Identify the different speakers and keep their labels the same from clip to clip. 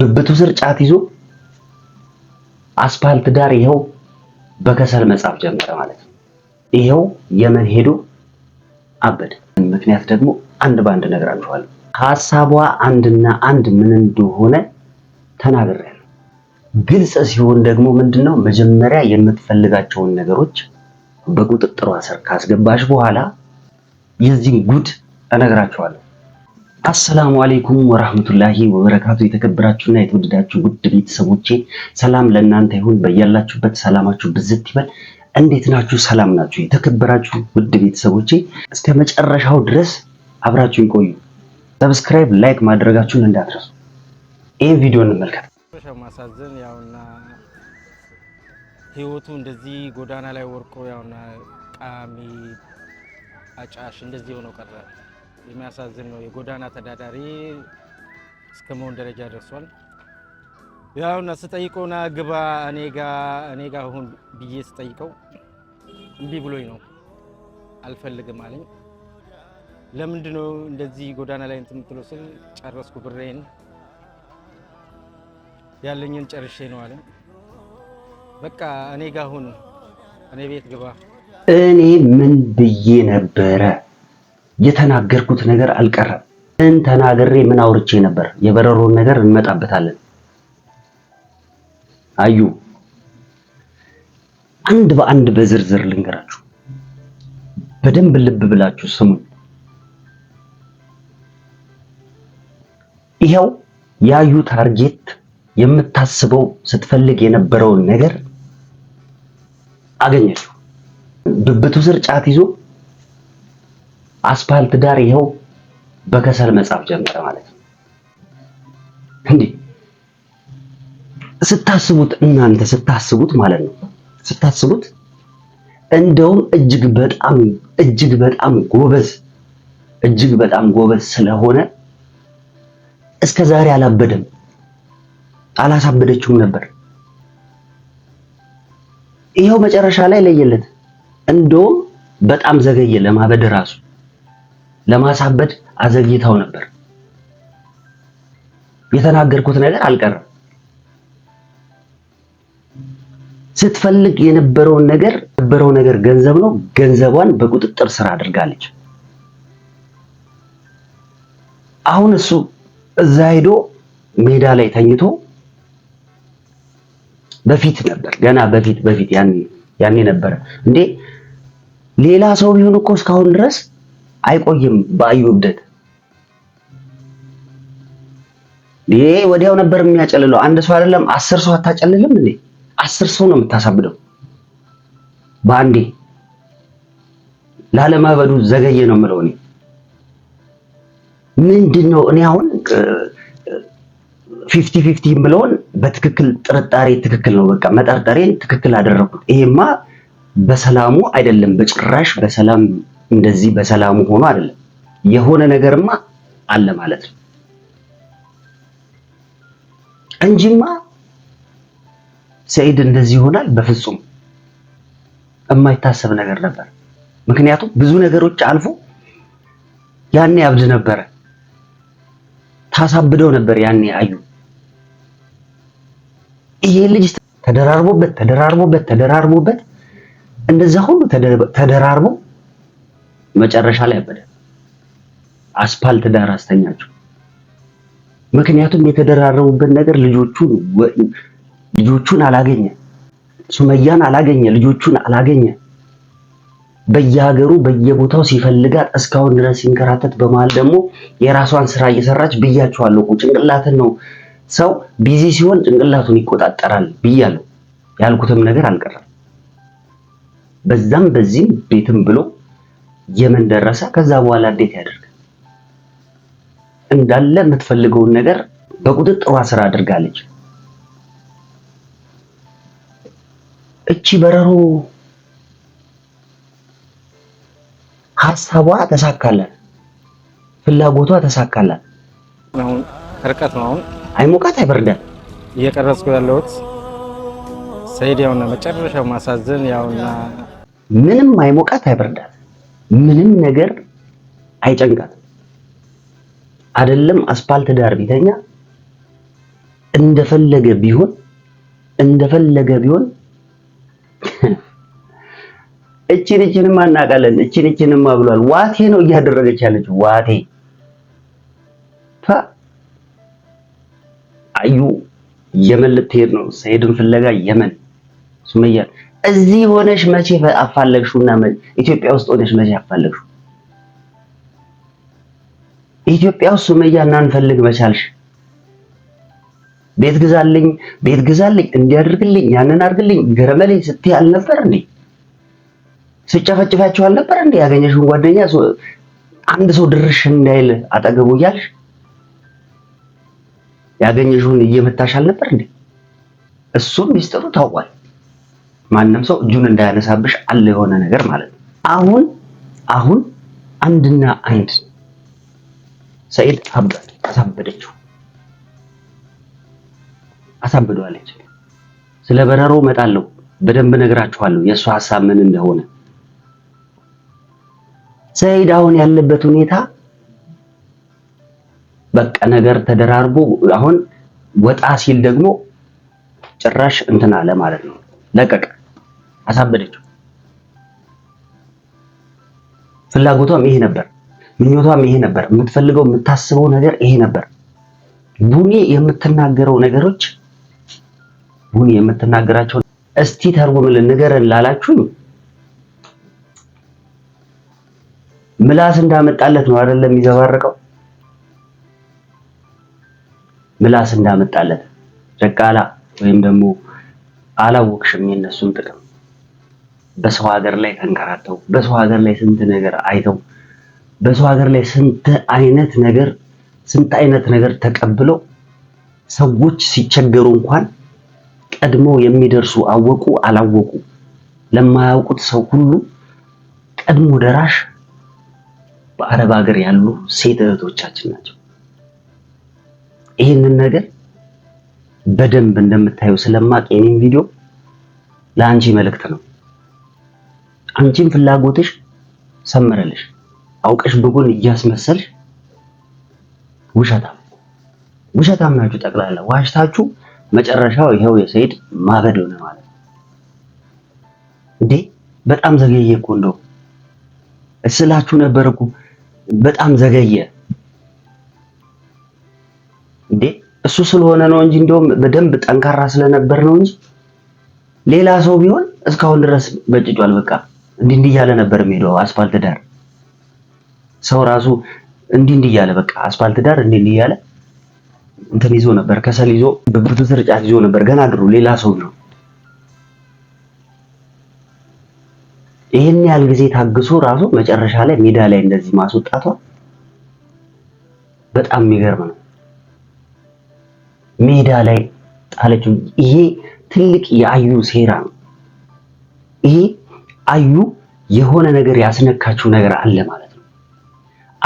Speaker 1: ብብቱ ስር ጫት ይዞ አስፓልት ዳር ይኸው በከሰል መጻፍ ጀመረ ማለት ነው። ይኸው የመን ሄዶ አበደ። ምክንያት ደግሞ አንድ በአንድ እነግራችኋለሁ። ሀሳቧ አንድና አንድ ምን እንደሆነ ተናግሬያለሁ። ግልጽ ሲሆን ደግሞ ምንድነው መጀመሪያ የምትፈልጋቸውን ነገሮች በቁጥጥሯ ስር ካስገባሽ በኋላ የዚህን ጉድ እነግራችኋለሁ። አሰላሙ አሌይኩም ወራህመቱላሂ ወበረካቱ። የተከበራችሁና የተወደዳችሁ ውድ ቤተሰቦቼ ሰላም ለእናንተ ይሁን። በያላችሁበት ሰላማችሁ ብዝት ይበል። እንዴት ናችሁ? ሰላም ናችሁ? የተከበራችሁ ውድ ቤተሰቦቼ እስከ መጨረሻው ድረስ አብራችሁን ይቆዩ። ሰብስክራይብ፣ ላይክ ማድረጋችሁን እንዳትረሱ። ይህን ቪዲዮ እንመልከት። ማሳዘን ያውና
Speaker 2: ህይወቱ እንደዚህ ጎዳና ላይ ወርቆ ያውና ቃሚ አጫሽ እንደዚህ ሆኖ ቀረ። የሚያሳዝን ነው። የጎዳና ተዳዳሪ እስከ መሆን ደረጃ ደርሷል። ያው ስጠይቀውና ግባ እኔ ጋ እኔ ጋ ሁን ብዬ ስጠይቀው እምቢ ብሎኝ ነው አልፈልግም አለኝ። ለምንድን ነው እንደዚህ ጎዳና ላይ እንትን የምትለው ስል ጨረስኩ ብሬን ያለኝን ጨርሼ ነው አለኝ። በቃ እኔ ጋ ሁን፣ እኔ ቤት ግባ።
Speaker 1: እኔ ምን ብዬ ነበረ የተናገርኩት ነገር አልቀረም። ምን ተናግሬ ምን አውርቼ ነበር? የበረሮን ነገር እንመጣበታለን። አዩ አንድ በአንድ በዝርዝር ልንገራችሁ። በደንብ ልብ ብላችሁ ስሙኝ። ይኸው ያዩ ታርጌት የምታስበው ስትፈልግ የነበረውን ነገር አገኘችው። ብብቱ ስር ጫት ይዞ አስፓልት ዳር ይኸው በከሰል መጻፍ ጀመረ ማለት ነው። እንዴ ስታስቡት እናንተ ስታስቡት ማለት ነው ስታስቡት እንደውም እጅግ በጣም እጅግ በጣም ጎበዝ እጅግ በጣም ጎበዝ ስለሆነ እስከ ዛሬ አላበደም፣ አላሳበደችውም ነበር። ይኸው መጨረሻ ላይ ለየለት። እንደውም በጣም ዘገየ ለማበድ ራሱ። ለማሳበድ አዘግይተው ነበር። የተናገርኩት ነገር አልቀረም። ስትፈልግ የነበረውን ነገር የነበረው ነገር ገንዘብ ነው። ገንዘቧን በቁጥጥር ስራ አድርጋለች። አሁን እሱ እዛ ሄዶ ሜዳ ላይ ተኝቶ በፊት ነበር ገና በፊት በፊት ያኔ ነበረ እንዴ ሌላ ሰው ቢሆን እኮ እስካሁን ድረስ አይቆይም በአዩ እብደት። ይሄ ወዲያው ነበር የሚያጨልለው። አንድ ሰው አይደለም አስር ሰው አታጨልልም እንዴ? አስር ሰው ነው የምታሳብደው በአንዴ። ላለማበዱ ዘገየ ነው የምለው እኔ። ምንድን ነው እኔ አሁን ፊፍቲ ፊፍቲ የምለውን በትክክል ጥርጣሬ ትክክል ነው። በቃ መጠርጠሬን ትክክል አደረኩት። ይሄማ በሰላሙ አይደለም በጭራሽ በሰላም እንደዚህ በሰላሙ ሆኖ አይደለም። የሆነ ነገርማ አለ ማለት ነው እንጂማ ሰኢድ እንደዚህ ይሆናል በፍጹም የማይታሰብ ነገር ነበር። ምክንያቱም ብዙ ነገሮች አልፎ ያኔ አብድ ነበረ፣ ታሳብደው ነበር ያኔ አዩ። ይሄ ልጅ ተደራርቦበት ተደራርቦበት ተደራርቦበት እንደዛ ሁሉ ተደራርቦ መጨረሻ ላይ አበደ። አስፓልት ዳር አስተኛቸው። ምክንያቱም የተደራረቡበት ነገር ልጆቹን ልጆቹን አላገኘ፣ ሱመያን አላገኘ፣ ልጆቹን አላገኘ። በየሀገሩ በየቦታው ሲፈልጋት እስካሁን ድረስ ሲንከራተት፣ በመሀል ደግሞ የራሷን ስራ እየሰራች ብያችኋለሁ። ጭንቅላትን ነው ሰው ቢዚ ሲሆን ጭንቅላቱን ይቆጣጠራል ብያለሁ። ያልኩትም ነገር አልቀረም። በዛም በዚህም ቤትም ብሎ የመን ደረሰ። ከዛ በኋላ እንዴት ያደርግ እንዳለ የምትፈልገውን ነገር በቁጥጥሯ ስራ አድርጋለች። እቺ በረሮ ሀሳቧ ተሳካላት፣ ፍላጎቷ ተሳካላት።
Speaker 2: አሁን ርቀት ነው። አሁን
Speaker 1: አይሞቃት አይበርዳል።
Speaker 2: እየቀረጽኩ ያለሁት ሰይድ ያውና መጨረሻው ማሳዘን ያውና
Speaker 1: ምንም አይሞቃት አይበርዳል። ምንም ነገር አይጨንቃትም። አይደለም አስፓልት ዳር ቢተኛ እንደፈለገ ቢሆን እንደፈለገ ቢሆን እቺን እቺንማ እናውቃለን እቺን እቺንማ ብሏል። ዋቴ ነው እያደረገች ያለች ዋቴ አዩ የመን ልትሄድ ነው። ሰይድን ፍለጋ የመን ሱመያን እዚህ ሆነሽ መቼ አፋለግሹና ኢትዮጵያ ውስጥ ሆነሽ መቼ አፋለግሹ? ኢትዮጵያ ውስጥ ሱመያ እናንፈልግ መቻልሽ ቤት ግዛልኝ ቤት ግዛልኝ እንዲያደርግልኝ ያንን አድርግልኝ ገረመልኝ ስትይ አልነበር እንዴ? ስጨፈጭፋችሁ አልነበር እንዴ? ያገኘሽውን ጓደኛ አንድ ሰው ድርሽ እንዳይል አጠገቡ እያልሽ ያገኘሽውን እየመታሽ አልነበር እንዴ? እሱም ሚስጥሩ ታውቋል። ማንም ሰው እጁን እንዳያነሳብሽ አለ የሆነ ነገር ማለት ነው። አሁን አሁን አንድና አንድ ሰኢድ አሳበደችው አሳብደዋለች። ስለ በረሮ እመጣለሁ በደንብ እነግራችኋለሁ የእሱ ሀሳብ ምን እንደሆነ። ሰኢድ አሁን ያለበት ሁኔታ በቃ ነገር ተደራርቦ አሁን ወጣ ሲል ደግሞ ጭራሽ እንትን አለ ማለት ነው ለቀቀ። አሳበደችው። ፍላጎቷም ይሄ ነበር፣ ምኞቷም ይሄ ነበር፣ የምትፈልገው የምታስበው ነገር ይሄ ነበር። ቡኒ የምትናገረው ነገሮች ቡኒ የምትናገራቸው እስቲ ተርጉምልን ንገረን ላላችሁኝ ምላስ እንዳመጣለት ነው አይደለም የሚዘባረቀው ምላስ እንዳመጣለት ደቃላ ወይም ደግሞ አላወቅሽም የነሱን ጥቅም በሰው ሀገር ላይ ተንከራተው በሰው ሀገር ላይ ስንት ነገር አይተው በሰው ሀገር ላይ ስንት አይነት ነገር ስንት አይነት ነገር ተቀብለው ሰዎች ሲቸገሩ እንኳን ቀድመው የሚደርሱ አወቁ አላወቁ ለማያውቁት ሰው ሁሉ ቀድሞ ደራሽ በአረብ ሀገር ያሉ ሴት እህቶቻችን ናቸው። ይህንን ነገር በደንብ እንደምታዩ ስለማቅ የኔን ቪዲዮ ለአንቺ መልእክት ነው። አንቺን ፍላጎትሽ ሰመረልሽ አውቀሽ በጎን እያስመሰልሽ ውሸታም ውሸታም ናችሁ። ጠቅላላ ዋሽታችሁ መጨረሻው ይኸው የሰይድ ማበድ ሆነ ማለት እንዴ በጣም ዘገየ እኮ እንደው እስላችሁ ነበር እኮ በጣም ዘገየ። እንዴ እሱ ስለሆነ ነው እንጂ እንደውም በደንብ ጠንካራ ስለነበር ነው እንጂ ሌላ ሰው ቢሆን እስካሁን ድረስ በጭጫል በቃ እንዲህ እንዲህ እያለ ነበር የሚሄደው አስፋልት ዳር። ሰው ራሱ እንዲህ እንዲህ እያለ በቃ አስፋልት ዳር እንዲህ እንዲህ እያለ እንትን ይዞ ነበር፣ ከሰል ይዞ በብርቱ ስርጫት ይዞ ነበር። ገና ድሩ ሌላ ሰው ነው። ይህን ያህል ጊዜ ታግሶ ራሱ መጨረሻ ላይ ሜዳ ላይ እንደዚህ ማስወጣቷ በጣም የሚገርም ነው። ሜዳ ላይ ጣለችው። ይሄ ትልቅ የአዩ ሴራ ነው። ይሄ አዩ የሆነ ነገር ያስነካችው ነገር አለ ማለት ነው።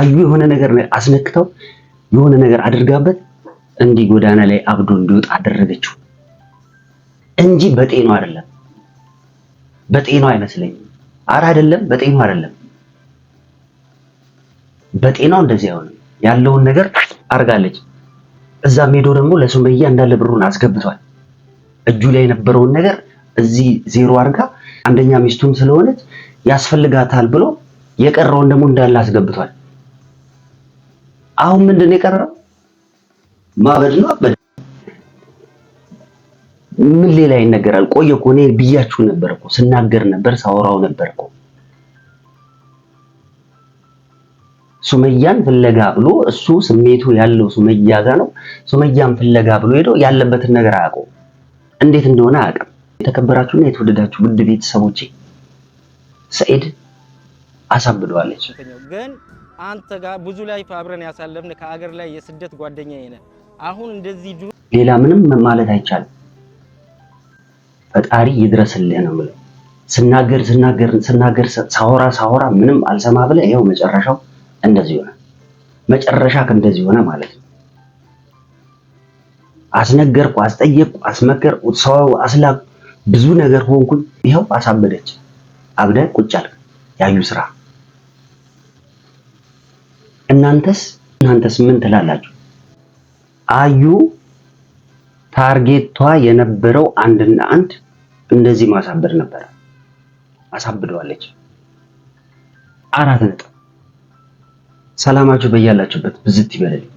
Speaker 1: አዩ የሆነ ነገር አስነክተው የሆነ ነገር አድርጋበት እንዲህ ጎዳና ላይ አብዶ እንዲወጣ አደረገችው እንጂ በጤኑ አይደለም። በጤኑ አይመስለኝም። አረ አይደለም፣ በጤኑ አይደለም። በጤናው እንደዚህ አይሆንም። ያለውን ነገር አርጋለች። እዛም ሄዶ ደግሞ ለሱመያ እንዳለ ብሩን አስገብቷል። እጁ ላይ የነበረውን ነገር እዚህ ዜሮ አርጋ አንደኛ ሚስቱም ስለሆነች ያስፈልጋታል ብሎ የቀረውን ደግሞ እንዳለ አስገብቷል። አሁን ምንድን ነው የቀረው? ማበድ ነው። አበድ ምን ሌላ ይነገራል? ቆየ እኮ እኔ ብያችሁ ነበር እኮ ስናገር ነበር ሳወራው ነበር እኮ ሱመያን ፍለጋ ብሎ እሱ ስሜቱ ያለው ሱመያ ጋር ነው። ሱመያን ፍለጋ ብሎ ሄዶ ያለበትን ነገር አያውቀውም። እንዴት እንደሆነ አያውቅም። የተከበራችሁና የተወደዳችሁ ውድ ቤተሰቦቼ ሰኢድ አሳብደዋለች።
Speaker 2: ግን አንተ ጋር ብዙ ላይ አብረን ያሳለፍን ከአገር ላይ የስደት ጓደኛ ነ አሁን እንደዚህ
Speaker 1: ሌላ ምንም ማለት አይቻልም። ፈጣሪ ይድረስልህ ነው የምልህ። ስናገር ስናገር ስናገር ሳወራ ሳወራ ምንም አልሰማ ብለ ይኸው መጨረሻው እንደዚህ ሆነ። መጨረሻ እንደዚህ ሆነ ማለት ነው። አስነገርኩ፣ አስጠየቅኩ፣ አስመከርኩ፣ ሰው አስላቅ ብዙ ነገር ሆንኩኝ፣ ይኸው አሳበደች። አብደ ቁጭ አልክ። ያዩ ስራ እናንተስ እናንተስ ምን ትላላችሁ? አዩ ታርጌቷ የነበረው አንድና አንድ እንደዚህ ማሳበድ ነበረ። አሳብደዋለች። አራት ነጥብ። ሰላማችሁ በያላችሁበት ብዝት ይበልልኝ።